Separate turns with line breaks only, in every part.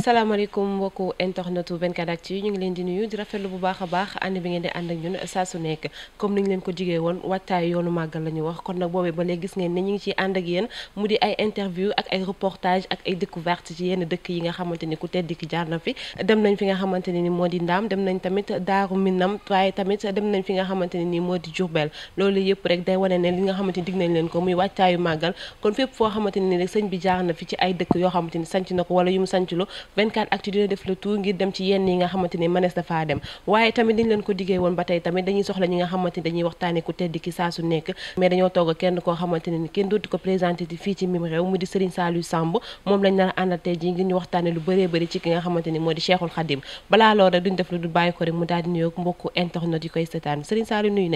salaamaaleykum mbokku internetu 24 actu yi ñu ngi leen di nuyu di rafetlu bu baax a baax ànd bi ngeen di ànd ak ñun saa su nekk comme ni ñu leen ko jigee woon wattaayu yoonu màggal la ñu wax kon nag boobee ba léegi gis ngeen ne ñu ngi ciy ànd yéen mu di ay interview ak ay reportage ak ay découverte ci yenn dëkk yi nga xamante ni ku tedd ki jaar na fi nañ fi nga xamante ne ni moo di Ndaam nañ tamit Daaru Minam waaye tamit dem nañ fi nga xamante ne ni moo di Diourbel loolu yëpp rek day wane ne li nga xamante ni nañ leen ko muy wattaayu màggal kon fépp foo xamante ni rek sëñ bi jaar na fi ci ay dëkk yoo xamante ni sanc na ko wala yu mu sanc lo 24 actu dina def le tour ngir dem ci yenn yi nga xamante ni mënees dafaa dem waaye tamit dañ leen ko diggee woon ba tey tamit dañuy soxla ñi nga xamante ni dañuy waxtaane ku tedd ki saa su nekk mais dañoo togg kenn koo xamante ne ni kenn dootu ko présenté di fii ci mim réew mu di Serigne Saliou Samb moom lañ nar a àndal tey ji ngir ñu waxtaane lu bëree bëri ci ki nga xamante ni moo di Cheikhul Khadim balaa loolu rek duñ def lu du bàyyi ko rek mu daal di nuyoog mbokku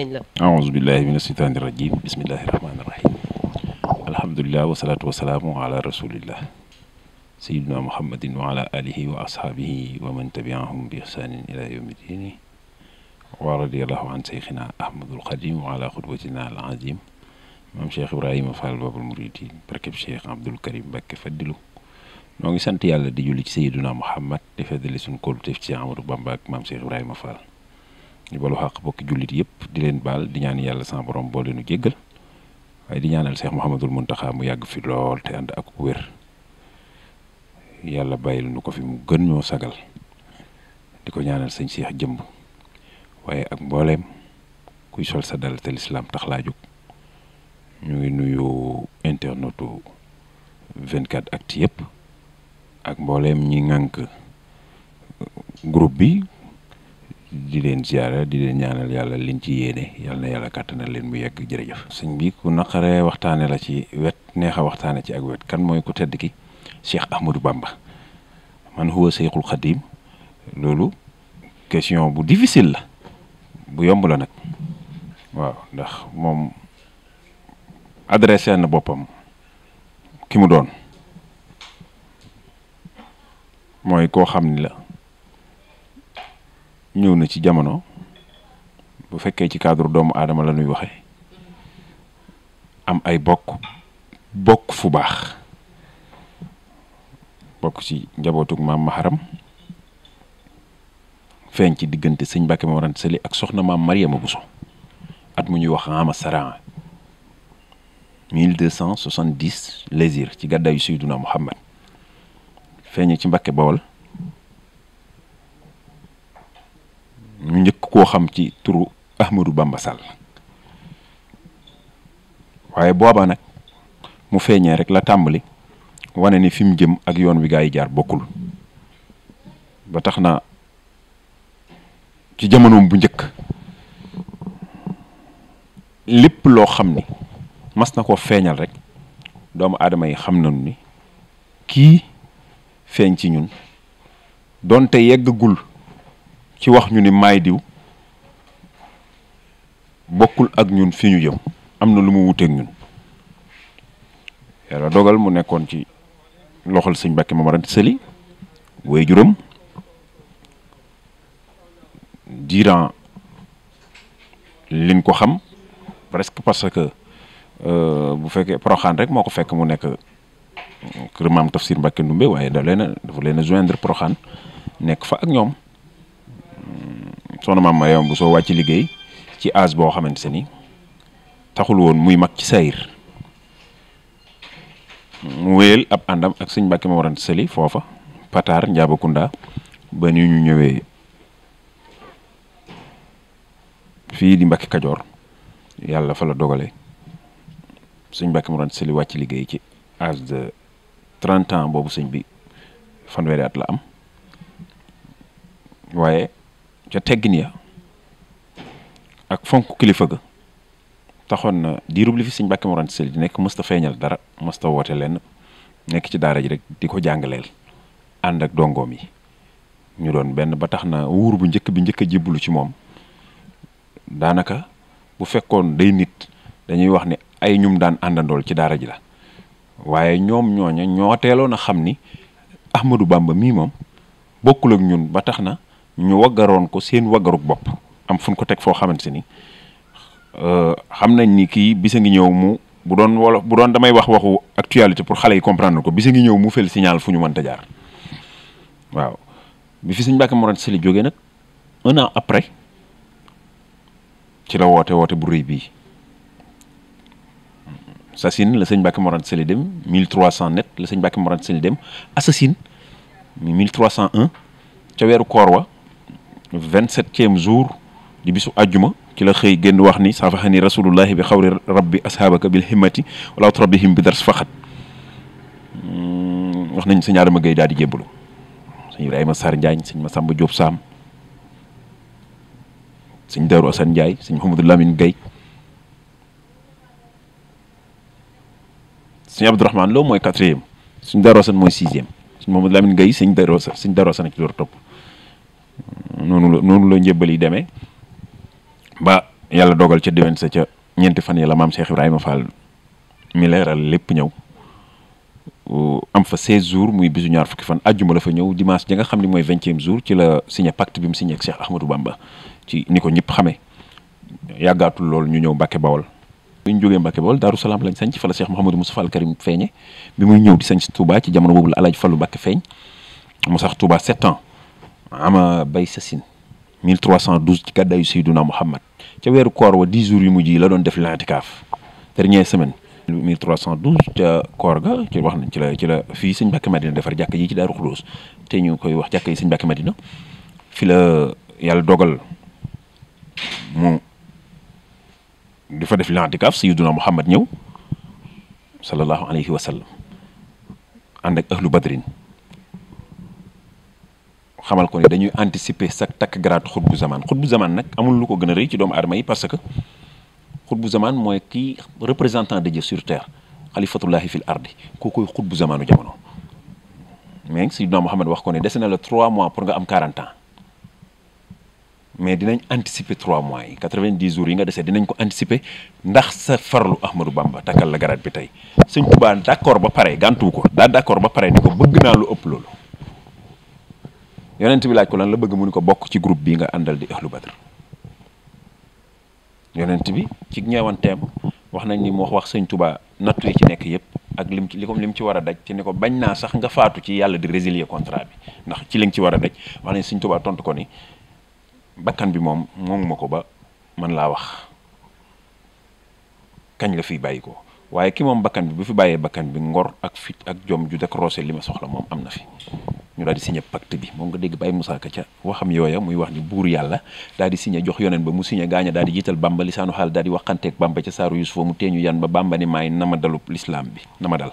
la
aouzu billahi mina shaytaani rajim bismillahi rahmaani sayiduna muhammadin wa ala alihi wa ashaabihi wa man tabiahum bi ihsaanin ila yawmi dini wa radiallahu an seyxina ahmadul xadim wa ala xudwatina al azim maam cheikh ibrahima barkeb cheikh abdul karim Mbàkke faddilu noo ngi sant yàlla di julli ci sayiduna muhammad di feddali suñ kóoluteef ci Amadou Bamba ak maam cheikh ibrahima fall ñu balu xaq bokki jullit yëpp di leen baal di ñaan yàlla san borom boo leenu jéggal waaye di ñaanal cheikh mouhamadul muntaxa mu yàgg fi lool te ànd ak yàlla bàyyil nu ko fi mu gën ñoo sagal di ko ñaanal sëñ Cheikh jëmb waaye ak mbooleem kuy sol sa dal te lislaam tax laa jóg ñu ngi nuyu internetu 24 actu yëpp ak mbooleem ñi ŋànk groupe bi di leen ziara di leen ñaanal yàlla liñ ci yéene yàlla na yàlla kàttanal leen mu yegg jërëjëf. sëñ bi ku naqaree waxtaane la ci wet neex a waxtaane ci ak wet kan mooy ku tedd ki. Cheikh Ahmadou Bamba man huwa Cheikhul Khadim loolu question bu difficile la bu yomb la nag waaw ndax moom adressé na boppam ki mu doon mooy koo xam ni la ñëw na ci jamono bu fekkee ci cadre doomu aadama la ñuy waxe am ay bokk bokk fu baax bokk ci njabootug maam maharam feeñ ci diggante sëñ Mbàkke Mor Anta Sali ak soxna maam Mariama Bousso at mu ñuy wax ama saraa 1270 lésir ci gàddaayu Seyduna Muhammad feeñe ci mbake Bawol ñu njëkk koo xam ci turu Ahmadou Bamba waaye booba nag mu feeñe rek la tàmbali wane ni fi mu jëm ak yoon wi gaa yi jaar bokkul ba tax na ci jamonoom bu njëkk lépp loo xam ni mas na ko feeñal rek doomu aadama yi xam nañu ni kii feeñ ci ñun donte yeggagul ci wax ñu ni maay diw bokkul ak ñun fi ñu jëm am na lu mu wuteeg ñun yàlla dogal mu nekkoon ci loxol sëñ Mbàkke Maam Mor Anta Sali way juróom diiran liñ ko xam presque parce que euh, bu fekkee poroxaan rek moo ko fekk mu nekk euh, kër maam Tafsir Mbàkke Ndumbe waaye daf leen a leen a joindre proxaan nekk fa ak ñoom hmm, soxna maam Mariam bu soo wàcc liggéey ci ase boo xamante se ni taxul woon muy mag ci sayir mu wéyal ab àndam ak sëñ Mbàkke ma waran sëli foofa patar Njaabakunda ba ni ñu ñëwee fii di Mbàkke Kajoor yàlla fa la dogale sëñ Mbàkke ma waran sëli wàcc liggéey ci âge de boobu sëñ bi fanweeri at la am waaye ca teggin ak fonk kilifa ga taxoon na diirub li fi sëñ Mbàkke Mor Anta Sali di nekk mës feeñal dara mës ta woote lenn nekk ci daara ji rek di ko jàngaleel ànd ak dongoom yi ñu doon benn ba tax na wuur bu njëkk bi njëkk a jébbalu ci moom daanaka bu fekkoon day nit dañuy wax ni ay ñum daan àndandool ci daara ji la waaye ñoom ñooña ñoo teeloon a xam ni Ahmadou bàmba mii moom bokkul ak ñun ba tax na ñu waggaroon ko seen waggaruk bopp am fu ko teg foo xamante ni Euh, xam nañ ni kii bisa ngi ñëw mu bu doon wala bu doon damay wax waxu actualité pour xale yi comprendre ko bisa ngi ñëw mu fel signal fu ñu mënta jaar waaw bi fi sëñ Mbàkke Mor Sali jógee nag un an après ci la woote woote bu rëy Sassine la sëñ Mbàkke Mor Sali dem 1300 net la sëñ Mbàkke Mor Sali dem Assassine mi 1301 ca weeru koor wa 27e jour di bisu àjjuma ci la xëy génn wax ni saafaxa ni rasulullahi bi xawri rabbi ashaabaka bil himmati wala turabihim bi dars faxat hmm, wax nañ sëñ Adama Gueye daal di jébbalu sëñ a Sarr Ndiagne sëñ Massamba Diop Sam sëñ Darou Assane Ndiaye sëñ Mouhamadou Lamine Gueye sëñ Abdourahmane Lo mooy quatrième sëñ Darou Assane mooy sixième sëñ Mouhamadou Lamine Gueye sëñ Darou Assane sëñ Darou Assane ci noonu la noonu la demee ba yàlla dogal ca déwén sa ca ñeenti fan yi la maam Cheikh Ibrahima fa mi leeral lépp ñëw am fa 16 jours muy bisu ñaar fukki fan àjjuma la fa ñëw dimanche ji nga xam ne mooy vingtième jour ci la signé pacte bi mu signé ak Cheikh Ahmadou Bamba ci ni ko ñëpp xamee yàggaatul loolu ñu ñëw Mbacke Bawol bi ñu jógee Mbacke Bawol Daaru Salaam lañ sañ ci fa la Cheikh Mouhamadou Moustapha Al Karim feeñe bi muy ñëw di sañ Touba ci jamono boobu la Alaaji Fallu Mbacke feeñ mu sax Touba sept ans ama bay sa sin 1312 ci gàddaayu Seyduna Muhammad ca weeru koor wa 10 jours yu mujj yi la doon def l'intikaaf dernière semaine 1312 ca koor ga ci wax nañ ci la ci la fii sëñ Mbàkke Madina defar jàkk yi ci Daaru Xudóos te ñu koy wax jàkk yi sëñ Mbàkke Madina fi la yàlla dogal mu di fa def l'intikaaf Seyduna Muhammad ñëw sallallahu alayhi wa sallam ànd ak ahlu badrin xamal ko ni dañuy anticiper sa takk garaat xut bu zamaan xut bu zamaan nag amul lu ko gën a rëy ci doomu aadama yi parce que xut bu zamaan mooy kii représentant de Dieu sur terre xalifatullahi fil ardi kookoy xut bu zamaanu jamono mais Seydina Muhammad wax ko ne dese na la trois mois pour nga am 40 mais dinañ anticiper 3 mois yi 90 jours yi nga desee dinañ ko anticiper ndax sa farlu Ahmadou Bamba takkal la garaat bi tey sëñ Tuubaa d' accord ba pare gàntuwu ko daa d' ba pare ni ko bëgg naa lu ëpp loolu. yonent bi laaj ko lan la bëgg mu ni ko bokk ci groupe bi nga àndal di ahlu badr yonent bi ci ñeewanteem wax nañ ni mu wax wax sëñ tubaa nattu yi ci nekk yëpp ak lim ci li ko lim ci war a daj te ni ko bañ naa sax nga faatu ci yàlla di résilier contrat bi ndax ci li nga ci war a daj wax nañ sëñ tubaa tontu ko ni bakkan bi moom moomu ma ko ba man laa wax kañ la fiy bàyyi ko waaye ki moom bakkan bi bu fi bàyyee bakkan bi ngor ak fit ak jom ju dekk li ma soxla moom am na fi ñu daal di signé pacte bi moom nga dégg Baye Moussa Ka ca waxam yooya muy wax ni buur yàlla daal di signé jox yonen ba mu signé gaaña daal di jiital Bamba lisaanu xaal daal di waxanteeg Bamba ca saaru Yusufa mu teeñu yan ba Bamba ni maay nama dalub lislaam bi nama dal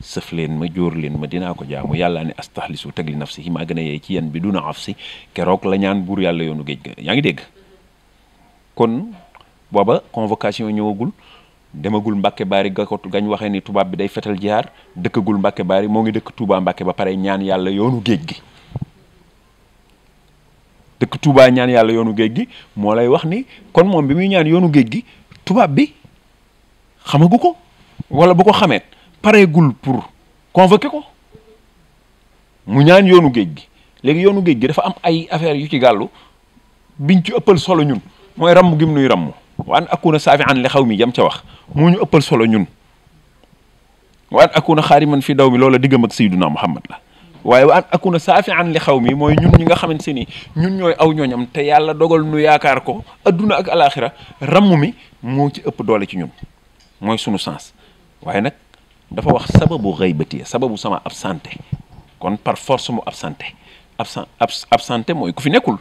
sëf leen ma jóor leen ma dinaa ko jaamu yàllaa ne astahlisu teg li nafsi maa gën a yee ci yan bi duna af si keroog la ñaan buur yàlla yoonu géej ga yaa ngi dégg kon booba convocation ñëwagul demagul Mbacke baari ga ko gañ waxee ni tubaab bi day fetal jihaar dëkkagul Mbacke baari moo ngi dëkk Touba Mbacke ba pare ñaan yàlla yoonu géej gi dëkk Touba ñaan yàlla yoonu géej gi moo lay wax ni kon moom bi muy ñaan yoonu géej gi tubaab bi xamagu ko wala bu ko xamee pareegul pour convoquer ko mu ñaan yoonu géej gi léegi yoonu géej gi dafa am ay affaires yu ci gàllu biñ ci ëppal solo ñun mooy ramm gim nuy ramm waa an akuna saafi an li xaw mii yam ca wax moo ñu ëppal solo ñun wa an akuna xaari man fi daw mi loola diggam ak sayyiduna Muhammad la waaye wa an akuna saafi an li xaw mii mooy ñun ñi nga xamante ni ñun ñooy aw ñooñam te yàlla dogal nu yaakaar ko adduna ak alaxira ramm mi moo ci ëpp doole ci ñun mooy sunu sens waaye nag dafa wax sababu xëybati sababu sama absenté kon par force mu absenté absen absenté mooy ku fi nekkul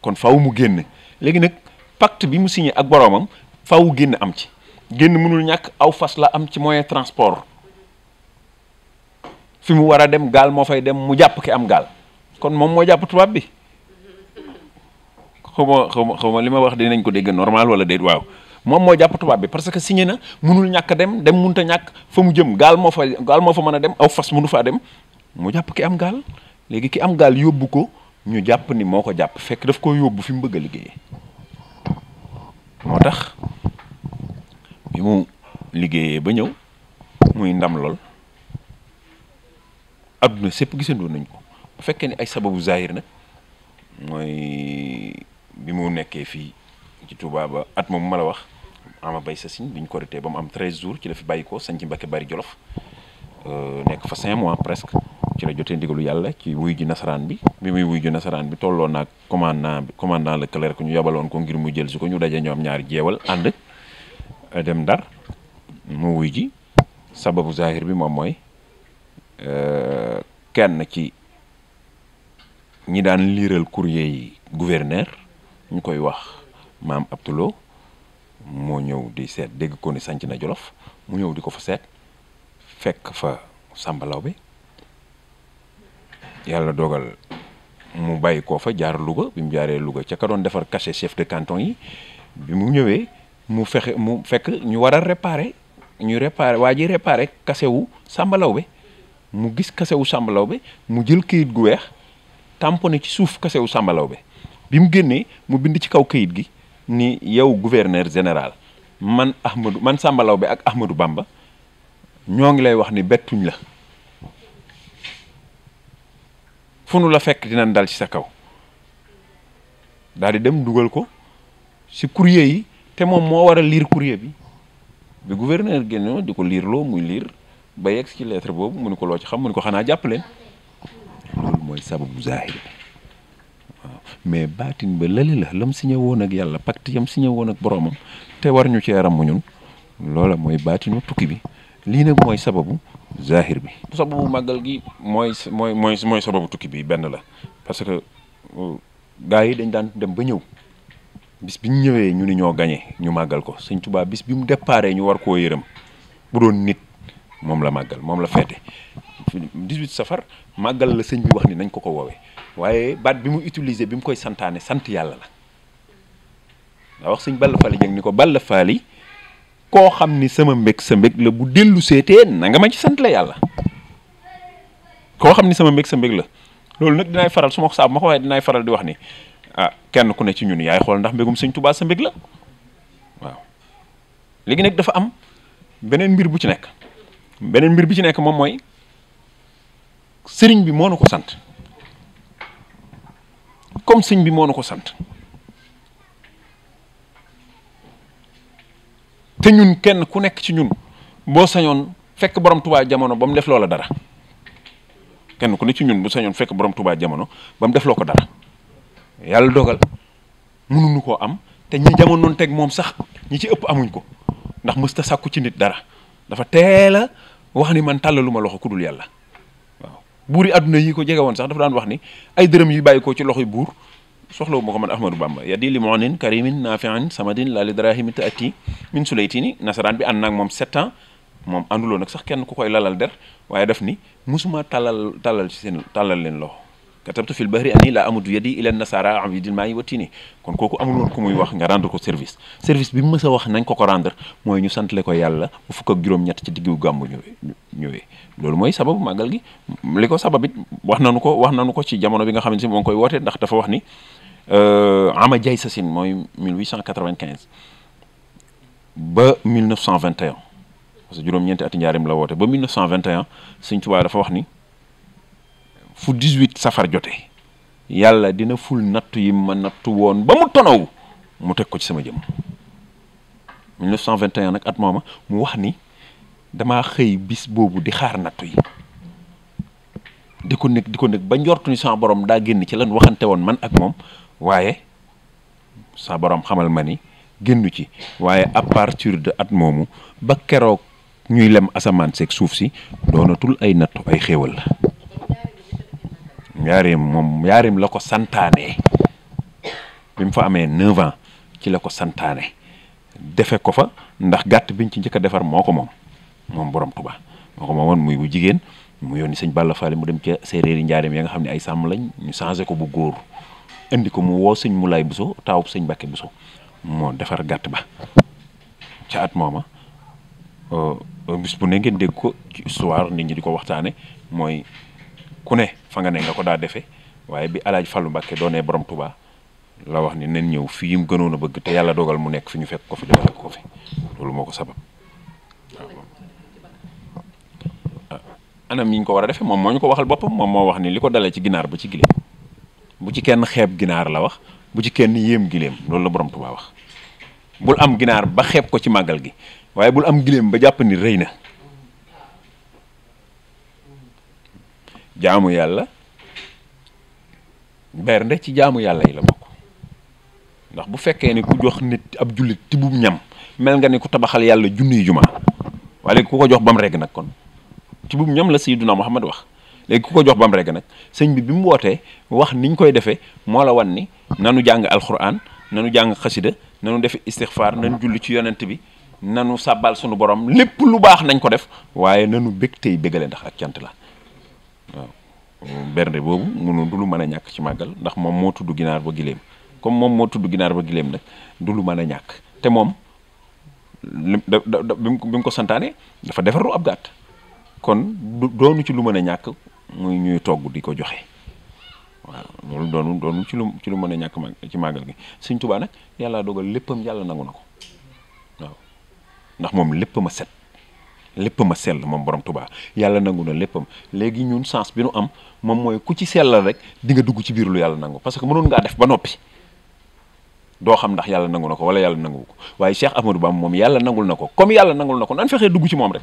kon faaw mu génn léegi pacte bi mu siñee ak boroomam faw génn am ci génn mënul ñàkk aw fas la am ci moyen transport fi mu war a dem gaal moo fay dem mu jàpp ki am gaal kon moom moo jàpp tubaab bi xaw ma xaw ma xaw ma li ma wax dinañ ko dégg normal wala déet waaw moom moo jàpp bi parce que signé na mënul ñàkk dem dem mënut a ñàkk fa mu jëm gaal moo fa gaal moo fa mën a dem aw fas mënu faa dem mu jàpp ki am gaal léegi ki am gaal yóbbu ko ñu jàpp ni moo ko jàpp fekk daf ko yóbbu fi mu bëgg a liggéeyee. moo tax bi mu liggéeyee ba ñëw muy ndam lool adduna sépp gisandoo nañ ko bu fekkee ni ay sababu zahir nag mooy bi mu nekkee fii ci Touba ba at moom ma la wax ama bay sa siñ bi ñu ko ba mu am 13 jours ci la fi bàyyi ko sañ ci Mbàkke bari Jolof Euh, nekk fa cinq mois presque ci rajotee jotee ndigalu yàlla ci wuy ji nasaraan bi bi muy wuy ji nasaraan bi tolloon naag commandant bi commandant Leclerc ñu yabaloon ko ngir mu jëlsu ko ñu daje ñoom ñaari jeewal ànd dem Ndar mu wuy ji sababu zahir bi moom mooy euh, kenn ci ñi daan liiral courrier yi gouverneur ñu koy wax maam Abdoulou moo ñëw di seet dégg ko ni na Jolof mu ñëw di ko fa seet fekk fa Samba bi yàlla dogal mu bàyyi koo fa jaar Louga bi mu jaaree Louga ca ka doon defar kase chef de canton yi bi mu ñëwee mu fexe mu fekk ñu war a réparer ñu réparer waa ji réparer cachet wu Samba mu gis kasewu wu bi mu jël këyit gu weex tamponné ci suuf kasewu wu Samba bi mu génnee mu bind ci kaw këyit gi ni yow gouverneur général man Ahmadou man Samba bi ak Ahmadou bàmba ñoo ngi lay wax ni bettuñ la fu nu la fekk dinañ dal ci sa kaw daal dem dugal ko si courrier yi te moom moo war a lire courrier bi bi gouverneur génn di ko liir loo muy liir ba yegg ci lettre boobu mu ni ko loo ci xam mu ni ko xanaa jàpp leen loolu mooy sababu zahir mais baatin ba lële la lam signé woon ak yàlla pacte yam signé woon ak boroomam te war ñu cee ràmm ñun loola mooy baatinu tukki bi lii nag mooy sababu zahir bi sababu màggal gi mooy mooy mooy sababu tukki bi benn la parce que euh, gars yi dañ daan dem ba ñëw bis bi ñu ñëwee ñu ni ñoo gañe ñu màggal ko sëñ Tuubaa bis bi mu déparé ñu war koo yërëm bu doon nit moom la màggal moom la feete 18 safar màggal la sëñ bi wax ni nañ ko ko woowee waaye baat bi mu utiliser bi mu koy santaane sant yàlla la nga wax sëñ Balla Faali Jeng ni ko Balla Faali koo xam ni sama mbég sa mbég la bu dellu seetee na nga ma ci sant la yàlla koo xam ni sama mbég sa mbég la loolu nag dinaay faral su ma ko saab ma ko waaye dinaay faral di wax ni ah kenn ku ne ci ñun yaay xool ndax mbégum sëñ Tuubaa sa mbég la waaw léegi nag dafa am beneen mbir bu ci nekk beneen mbir bi ci nekk moom mooy sëriñ bi moo nu ko sant comme sëñ bi moo nu ko sant te ñun kenn ku nekk ci ñun boo sañoon fekk borom tubaa jamono ba mu def loo la dara kenn ku ne ci ñun bu sañoon fekk boroom tubaa jamono ba mu def loo ko dara yàlla dogal mënuñu koo am te ñi jamonoon teg moom sax ñi ci ëpp amuñ ko ndax mësta sakku ci nit dara dafa teel a wax ni man tàllaluma loxo ku dul yàlla waaw buur yi àdduna yi ko jege woon sax dafa daan wax ni ay dërëm yi bàyyi ko ci loxoy buur soxlaw ma ko man ahmadou bamba yaddi li moonin karimin naafiin samadin laali darahimi ta atti min sulaytini nasaraan bi ànd naag moom sept ans moom ànduloo nag sax kenn ku koy lalal der waaye def ni musuma tàllal tàllal ci seen tàllal leen loxo katabtu fil bahri ani la amudu yadi ila nasara abidil maa kon kooku amul woon muy wax nga rendre ko service service bi mu mës wax nañ ko ko rendre mooy ñu santale ko yàlla bu fukk ak ñett ci diggu gàmmu ñëwee ñëwee loolu mooy sababu màggal gi ko sababit wax nanu ko wax nanu ko ci jamono bi nga xam ne si moo koy woote ndax dafa wax ni Euh, Ama sa Sassine mooy mille 1895 ba 1921 parce que juróom-ñeenti ati njaarim la woote ba 1921 Sëñ Tuubaa dafa wax ni fu 18 safar jotee yàlla dina ful nattu yi ma nattu woon ba mu tonaw mu teg ko ci sama jëm 1921 nag at mooma mu wax ni damaa xëy bis boobu di xaar nattu yi di ko nekk di ko nekk ba njortu ni sama borom daa génn ci lan waxante woon man ak moom waaye sa boroom xamal ma ni génnu ci waaye à partir de at moomu ba keroog ñuy lem asamaan seeg suuf si doonatul ay nattu ay xéewal la njaareem moom njaareem la ko santaane bi mu fa amee neuf ans ci la ko santaane defe ko fa ndax gàtt biñ ci njëkk defar moo ko moom moom borom Tuubaa moo ko moomoon muy bu jigéen mu yónni sëñ Balla Faali mu dem ca séeréer yi njaareem ya nga xam ne ay sàmm lañ ñu changé ko bu góor indi ko mu woo sëñ Moulay Bousso taawub sëñ Mbacke Bousso moo defar gàtt ba ca at mooma euh, bis bu ne ngeen dégg ko ci histoire nit ñi di ko waxtaane mooy ku ne fa nga ne nga ko daa defee waaye bi alaaj falu Mbacke doonee borom Touba la wax ni nen ñëw fii mu gënoon a bëgg te yàlla dogal mu nekk fi ñu fekk ko fi defal ko fi loolu moo ko sabab waaw ah, anam yi ñu ko war a defee moom moo ñu ko waxal boppam moom moo wax ni li ko dalee ci ginaar ba ci gileem bu ci kenn xeeb ginaar la wax bu ci kenn yéem giléem loolu la borom Tuubaa wax bul am ginaar ba xeeb ko ci màggal gi waaye bul am giléem ba jàpp ni rey na jaamu yàlla bernde ci jaamu yàlla yi la bokk ndax bu fekkee ni ku jox nit ab jullit tibub ñam mel nga ni ku tabaxal yàlla junniy juma wala ku ko jox bam rekk nag kon tibub ñam la sayyiduna Muhammad wax léegi ku ko jox bam rekk nag sëñ bi bi mu wootee wax niñ koy defee moo la wan ni nanu jàng alxuraan nanu jàng xasida nanu def istixfaar nanu julli ci yonent bi nanu sàbbal sunu borom lépp lu baax nañ ko def waaye nanu bég tey bégale ndax ak cant la waaw bernde boobu munu du lu mën a ñàkk ci màggal ndax moom moo tudd ginaar ba giléem comme moom moo tudd ginaar ba giléem nag du lu mën a ñàkk te moom lim da bi mu ko santaane dafa defaru ab gàtt kon doonu ci lu mën a ñàkk muy ñuy togg di ko joxe waaw loolu doonu doonu ci lu ci lu mën a ñàkk mag ci màggal gi suñ Tuubaa nag yàlla dogal léppam yàlla nangu na ko waaw ndax moom lépp ma set lépp ma sell moom borom tubaa yàlla nangu na léppam léegi ñun sens bi nu am moom mooy ku ci sellal rek di dugg ci biir lu yàlla nangu parce que mënoon ngaa def ba noppi doo xam ndax yàlla nangu na ko wala yàlla nangu ko waaye Cheikh Ahmadou Bamba moom yàlla nangul na ko comme yàlla nangul na ko nan fexee dugg ci moom rek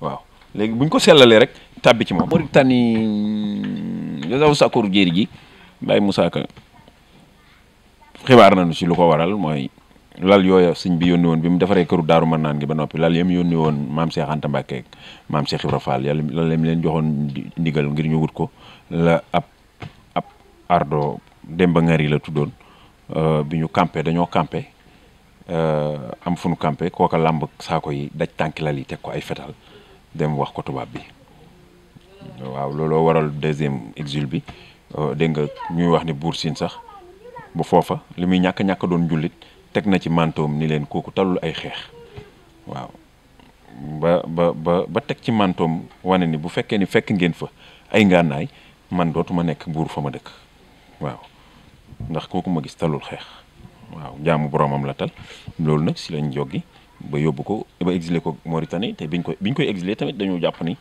waaw léegi bu ko sellalee rek tàbbi ci moom. Mauritanie Gazawou Sakkour jéeri ji Baye Moussa Ka xibaar nañu si lu ko waral mooy lal yooya sëñ bi yónni woon bi mu defaree këru daaru mën naan gi ba noppi lal yam yónni woon maam Cheikh Anta Mbacke maam Cheikh Ibra Fall yàlla lal yam leen joxoon ndigal ngir ñu wut ko la ab ab ardo Demba Ngari la tuddoon euh, bi ñu campé dañoo campé euh, am fu nu campé kooka làmb saako yi daj tànki lal yi teg ko ay fetal dem wax ko tubaab bi waaw looloo waral deuxième exil bi euh, dégg nga ñuy wax ni buur siin sax bu foofa li muy ñàkk ñàkk doon jullit teg na ci mantoom ni leen kooku talul ay xeex waaw ba ba ba teg ci mantoom wane ni bu fekkee ni fekk ngeen fa ay ngànnaay man dootuma nekk buur fa ma dëkk waaw ndax kooku ma gis talul xeex waaw jaamu boromam la tal loolu nag si lañ joggi ba yóbbu ko ba exilé ko Mauritanie te biñ ko biñ koy exilé tamit dañoo jàpp ni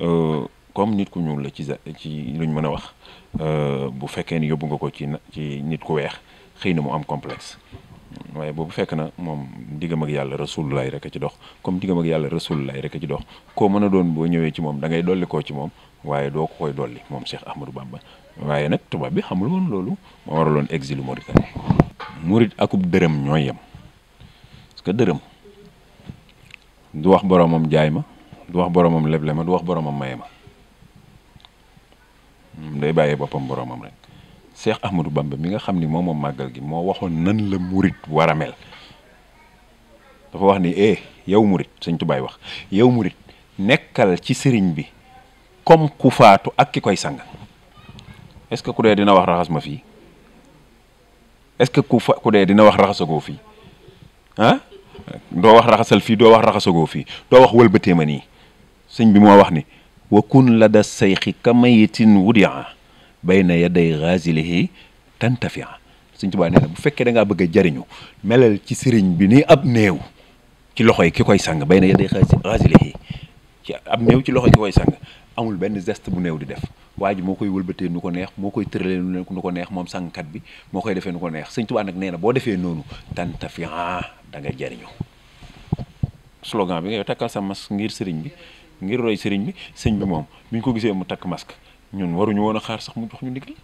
euh, comme nit ku ñuul la ci ci luñ mën a wax euh, bu fekkee ni yóbbu nga ko ci ci nit ku weex xëy na mu am complexe waaye boobu fekk na moom diggam ak yàlla rasulullah rek a ci dox comme diggam mag yàlla rasulullah rek a ci dox koo mën a doon boo ñëwee ci moom dangay ngay dolli koo ci moom waaye doo ko koy dolli moom Cheikh Ahmadou Bamba waaye nag tubaab bi xamul woon loolu moo waraloon exil Mauritanie murit akub dërëm ñooy yem dërëm. du wax boromam jaay ma du wax boromam leble ma du wax boromam maye ma day bàyyee boppam boromam rek Cheikh Ahmadou Bamba mi nga xam ni moom moom màggal gi moo waxoon nan la murit war a mel dafa wax ni eh yow murit sëñ Tubaay wax yow murit nekkal ci sëriñ bi comme ku faatu ak ki koy sang est-ce que ku dee dina wax raxas ma fii est-ce que ku ku dee dina wax raxasagoo fii doo wax raxasal fii doo wax raxasagoo fii doo wax wëlbatee ma nii sëñ bi moo wax ni wa kun la da sayxi kamayitin wudia bayna yaday gaasilihi tantafia sëñ Tuubaa nee na bu fekkee da ngaa bëgg a jariñu melal ci sëriñ bi ni ab néew ci loxo yi ki koy sang bayna yaday gaasilihi ci ab néew ci loxo yi ki koy sang amul benn geste bu new di def waa ji moo koy wëlbatee nu ko neex moo koy tëralee nu ko neex moom sàngkat bi moo koy defee nu ko neex sëñ Tuubaa nag nee na boo defee noonu tantafian da nga jariñu slogan bi nga takkal sa masque ngir sëriñ bi ngir roy sëriñ bi sëñ bi moom bi ñu ko gisee mu takk masque a sax mu jox ñu ndigal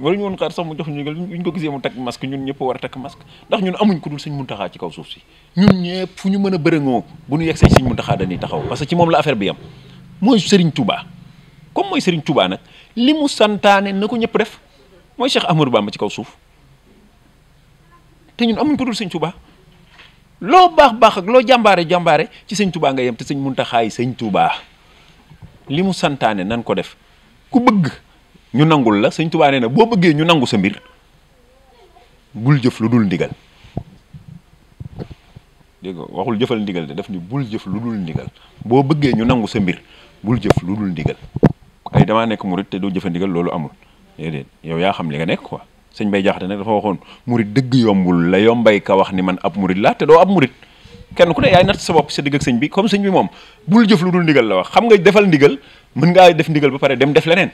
waruñu woon xaar sax mu jox ñu ndigal bi ko gisee mu takk masque ñun ñëpp war a takk masque ndax ñun amuñ ku dul sëñ taxaa ci kaw suuf si ñun ñëpp fu ñu mën a bërëngoo bu ñu yegsee sëñ Muntaxaa dañuy taxaw parce que ci moom la affaire bi mooy sëriñ Touba comme mooy Serigne Touba nag li mu santaane na ko ñëpp def mooy Cheikh Ahmadou Bamba ci kaw suuf te ñun amuñ ko dul sëñ tubaa loo baax baax ak loo jàmbaare jàmbaare ci Serigne Touba nga yem te Serigne Mountakha yi Serigne Touba li mu santaane nan ko def ku bëgg ñu nangul la sëñ Touba nee na boo bëggee ñu nangu sa mbir bul jëf lu dul ndigal. dégg jëfal ndigal de daf ni bul jëf lu dul ndigal boo bëggee ñu nangu sa mbir bul jëf lu dul ndigal ay damaa nekk te doo jëfe ndigal loolu amul déedéet yow yaa xam li nga nekk quoi sëñ bay jaxate nag dafa waxoon murit dëgg yombul la yombay ka wax ni man ab murit laa te doo ab murit kenn ku ne yaay natt sa bopp sa digg sëñ bi comme sëñ bi moom bul jëf lu dul ndigal la wax xam nga defal ndigal mën ngaa def ndigal ba pare dem def leneen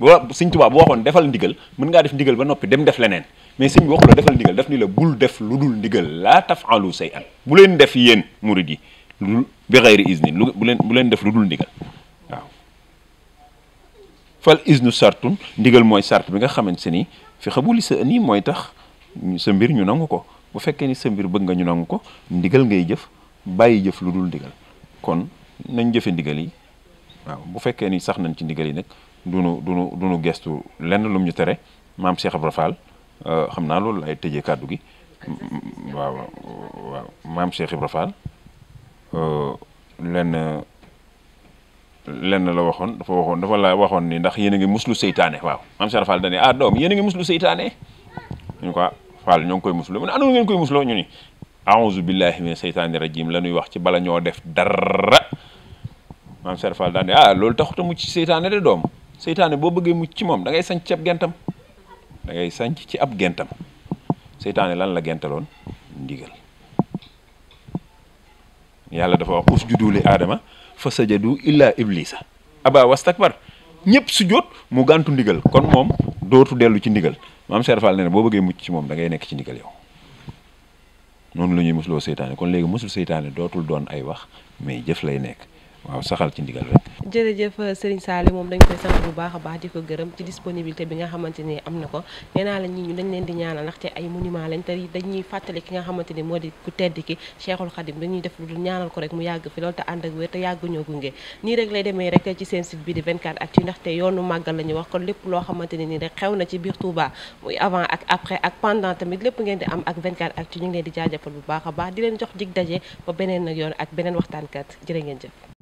ba sëñ Tuubaa bu waxoon defal ndigal mën ngaa def ndigal ba noppi dem def leneen mais sëñ bi waxu la defal ndigal daf ni la bul def lu dul ndigal laa tafalu say an bu leen def yéen murit yi lu bi xayri izni lu bu leen bu leen def lu dul ndigal fal isnu sartun ndigal mooy sart bi nga xamante ni fi xabuli sa nii mooy tax sa mbir ñu nangu ko bu fekkee ni sa mbir bëgg nga ñu nangu ko ndigal ngay jëf bàyyi jëf lu dul ndigal kon nañ jëfe ndigal yi waaw bu fekkee ni sax nañ ci ndigal yi nag dunu dunu dunu gestu lenn lum ñu tere maam Cheikh Ibra Fall euh, xam naa loolu lay tëjee kàddu gi waaw waaw maam Cheikh Ibra euh, lenn lenn la waxoon dafa waxoon dafa la ni ndax yéen a ngi seytaane waaw maam Cheikh Fall dañuy ah doom yéen a ngi muslu seytaane ñu ko ah, Fall ñoo ngi koy muslu mu ne anu ngeen koy musloo ñu ni aouzu billahi mina seytaani rajim la ñuy wax ci bala ñoo def dara maam Cheikh Fall daal ah loolu taxuta mucc ci seytaane de doom seytaane boo bëggee mucc ci moom dangay ngay sanc ci ab gentam dangay sañc ci ab gentam seytaane lan la gentaloon ndigal yàlla dafa aadama fa sajadu illa iblisa aba wastakbar ñëpp su jot mu gàntu ndigal kon moom dootu dellu ci ndigal maam Cheikh Fall ne ne boo bëggee mucc ci moom da ngay nekk ci ndigal yow noonu lu ñuy musuloo seytaane kon léegi mësul seytaane dootul doon ay wax mais jëf lay nekk waaw saxal ci ndigal rek
jërëjëf euh, Serigne Saliou moom dañ sant bu baax a baax di ko gërëm ci disponibilité bi nga xamante ni am na ko nee naa la ñi ñu dañ leen di ñaanal ndaxte ay monument lañ te dañuy fàttali ki nga xamante ni moo di ku tedd ki Cheikhul Khadim dañuy def lu ñaanal ko rek mu yàgg fi lool te ànd ak wér te yàgg gunge nii rek lay demee rek ci seen site bi di 24 actu ndaxte yoonu màggal la ñu wax kon lépp loo xamante ne ni rek xew na ci biir Touba muy avant ak après ak pendant tamit lépp ngeen di am ak 24 actu ñu ngi leen di jaajëfal bu baax a baax di leen jox dig daje ba beneen nag yoon ak beneen waxtaankat jërë ngeen jëf